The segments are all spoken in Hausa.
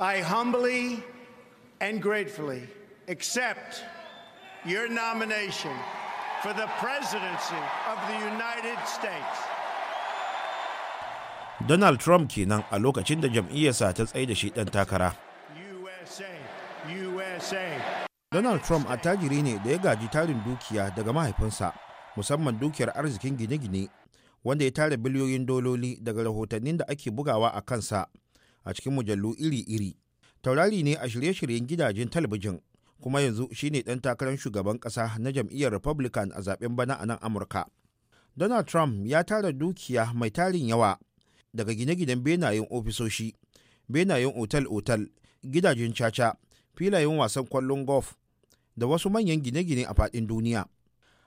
I humbly and gratefully accept your nomination for the presidency of the United States. Donald Trump kenan a lokacin da jam'iyyarsa ta tsaye da shi ɗan takara. Donald Trump a tajiri ne da ya gaji tarin dukiya daga mahaifinsa, musamman dukiyar arzikin gine-gine, wanda ya tare biliyoyin dololi daga rahotannin da ake bugawa a kansa. a cikin mujallu iri-iri. Taurari ne a shirye-shiryen gidajen talabijin kuma yanzu shine ɗan takarar shugaban ƙasa na jam'iyyar Republican a zaɓen bana a nan Amurka. Donald Trump ya tara dukiya mai tarin yawa daga gine-ginen benayen ofisoshi, benayen otal-otal, gidajen caca, filayen wasan kwallon golf da wasu manyan gine-gine a faɗin duniya.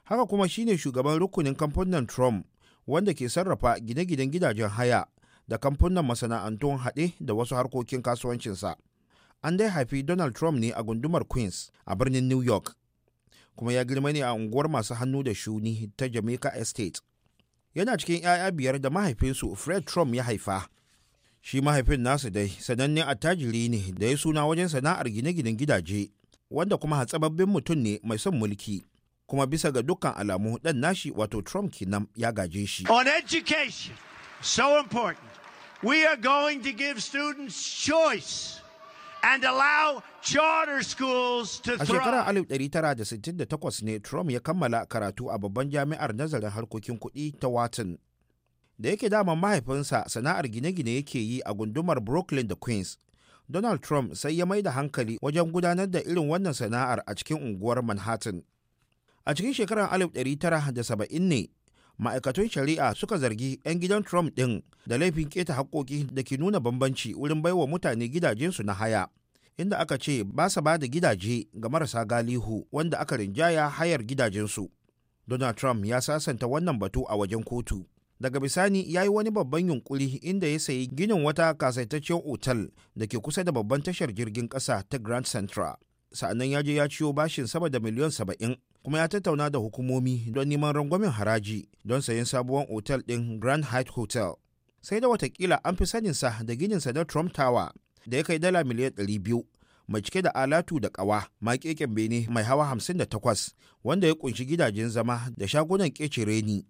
Haka kuma shine shugaban rukunin kamfanin Trump wanda ke sarrafa gine-ginen gidajen haya da kamfunan masana'antun haɗe da wasu harkokin kasuwancinsa. An dai haifi Donald Trump ne a gundumar Queens a birnin New York, kuma ya girma ne a unguwar masu hannu da shuni ta Jamaica Estate. Yana cikin 'ya'ya biyar da mahaifinsu Fred Trump ya haifa. Shi mahaifin nasu dai sanannen attajiri ne da ya suna wajen sana'ar gine-ginen gidaje, wanda kuma hatsababbin mutum ne mai son mulki. kuma bisa ga dukkan alamu ɗan nashi wato Trump kinan ya gaje shi. On education, so important. We are going to give students choice and allow charter schools to thrive. A shekarar 1968 ne Trump ya kammala karatu a babban jami'ar nazarin harkokin kuɗi ta Watson. Da yake dama mahaifinsa sana'ar gine-gine yake yi a gundumar Brooklyn da Queens. Donald Trump sai ya mai da hankali wajen gudanar da irin wannan sana'ar a cikin unguwar Manhattan. A cikin shekarar 1970 ne ma'aikatun shari'a suka zargi 'yan gidan trump ɗin da laifin keta haƙoƙi da ke nuna bambanci wurin baiwa mutane gidajensu na haya inda aka ce ba sa ba da gidaje ga marasa galihu wanda aka rinjaya hayar gidajensu donald trump ya sasanta wannan batu a wajen kotu daga bisani ya yi wani babban yunkuri inda ya sayi ginin wata kasaitaccen otal da ke kusa da babban tashar jirgin ƙasa ta grand central sa'annan ya je ya ciyo bashin sama da miliyan saba'in kuma ya tattauna da hukumomi don neman rangwamen haraji don sayen sabuwar otal ɗin grand Hyatt hotel sai da watakila an fi saninsa da gininsa na trump tower da ya kai dala miliyan 200 mai cike da alatu da kawa makeken bene mai hawa 58 wanda ya kunshi gidajen zama da shagunan kece reni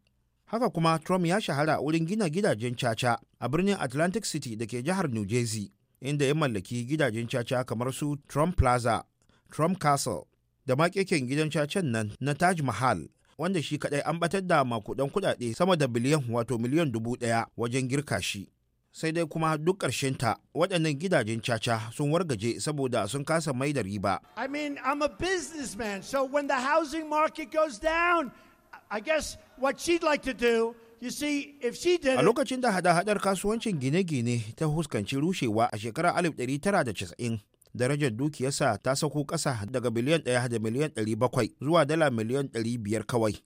haka kuma trump ya shahara wurin gina gidajen caca a birnin atlantic city da ke jihar new jersey inda ya mallaki gidajen caca kamar su trump plaza trump castle da makeken gidan cacen nan na Taj Mahal wanda shi kadai an batar da makudan kudade sama da biliyan wato miliyan dubu daya wajen girka shi. Sai dai kuma duk ta waɗannan gidajen caca sun wargaje saboda sun kasa mai da riba. I mean, I'm a businessman, so when the housing market goes down, I guess what she'd like to do A lokacin da hada-hadar kasuwancin gine-gine ta huskanci rushewa a shekarar 1990, darajar dukiyarsa ta sako ƙasa daga biliyan ɗaya da miliyan ɗari bakwai zuwa dala miliyan ɗari biyar kawai.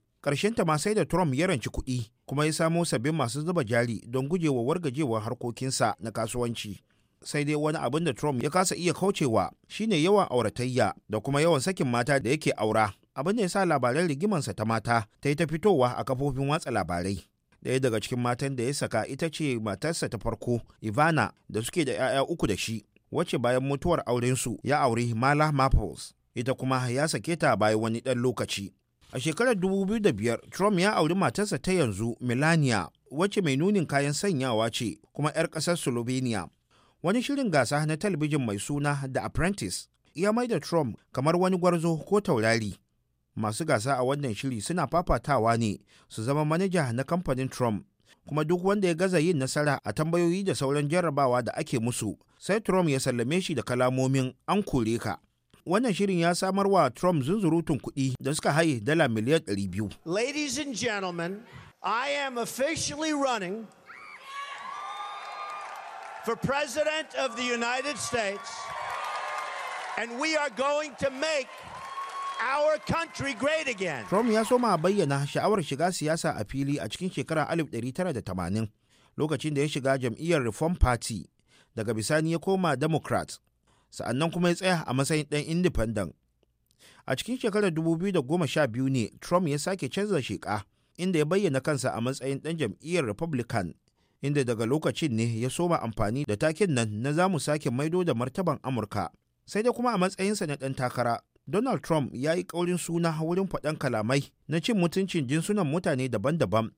ta ma sai da Trump ya ranci kuɗi kuma ya samo sabbin masu zuba jari don gujewa wargajewar harkokinsa na kasuwanci. Sai dai wani abin da Trump ya kasa iya kaucewa shine yawan auratayya da kuma yawan sakin mata da yake aura. Abin da ya sa labaran rigimansa ta mata ta yi ta fitowa a kafofin watsa labarai. Ɗaya daga cikin matan da ya saka ita ce matarsa ta farko Ivana da suke da 'ya'ya uku da shi. wacce bayan mutuwar aurensu ya auri Mala Maples, ita kuma ya sake ta bayan wani ɗan lokaci. A shekarar 2005, Trump ya auri matarsa ta yanzu Melania, wacce mai nunin kayan sanyawa ce kuma 'yar ƙasar Slovenia. Wani shirin gasa na talabijin mai suna The Apprentice ya maida Trump kamar wani gwarzo ko taurari. Masu gasa a wannan shiri suna fafatawa ne su zama manaja na kamfanin Trump kuma duk wanda ya gaza yin nasara a tambayoyi da sauran jarrabawa da ake musu sai Trump ya sallame shi da kalamomin an kore ka. Wannan shirin ya samar wa Trump zunzurutun kuɗi da suka haye dala miliyan biyu. Ladies and gentlemen, I am officially running for President of the United States and we are going to make our country great again. Trump ya soma bayyana sha'awar shiga siyasa a fili a cikin shekara 1980 lokacin da ya shiga jam'iyyar Reform Party daga bisani ya koma Democrat sa'annan kuma ya tsaya a matsayin ɗan independent. A cikin shekarar 2012 ne Trump ya sake canza sheka inda ya bayyana kansa a matsayin ɗan jam'iyyar Republican inda daga lokacin ne ya soma amfani da takin nan na zamu sake maido da martaban Amurka. Sai da kuma a matsayinsa na ɗan takara Donald Trump ya yi ƙaurin suna wurin faɗan kalamai na cin mutuncin jinsunan mutane daban-daban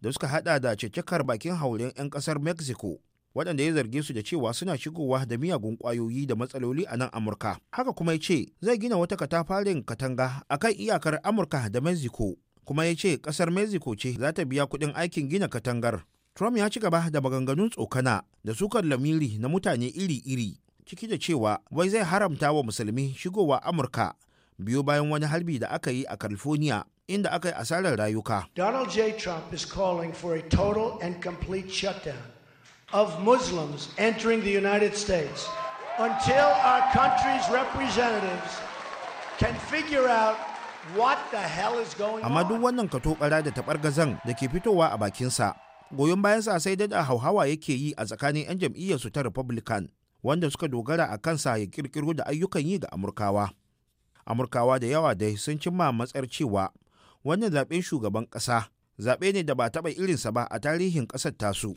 da suka haɗa da cecekar bakin hauren 'yan ƙasar Mexico waɗanda ya zarge su da cewa suna shigowa da miyagun ƙwayoyi da matsaloli a nan Amurka. Haka kuma ya ce zai gina wata katafarin katanga a kan iyakar Amurka da Mexico kuma ya ce ƙasar Mexico ce za ta biya kuɗin aikin gina katangar. Trump ya ci gaba da maganganun tsokana da sukar lamiri na mutane iri-iri. ciki da cewa wai zai haramta wa musulmi shigowa amurka biyo bayan wani harbi da aka yi a california inda aka yi asarar rayuka donald j trump is calling for a total and complete shutdown of muslims entering the united states until our country's representatives can figure out what the hell is going on. amma duk wannan katobara da taɓargazan da ke fitowa a bakinsa goyon bayan sa sai dai da hauhawa yake yi a tsakanin 'yan jam'iyyarsu ta republican wanda suka dogara a kansa ya kirkiro da ayyukan yi ga amurkawa amurkawa da yawa dai sun cimma matsar cewa wannan zaɓen shugaban ƙasa zaɓe ne da ba taɓa irinsa ba a tarihin ƙasar tasu.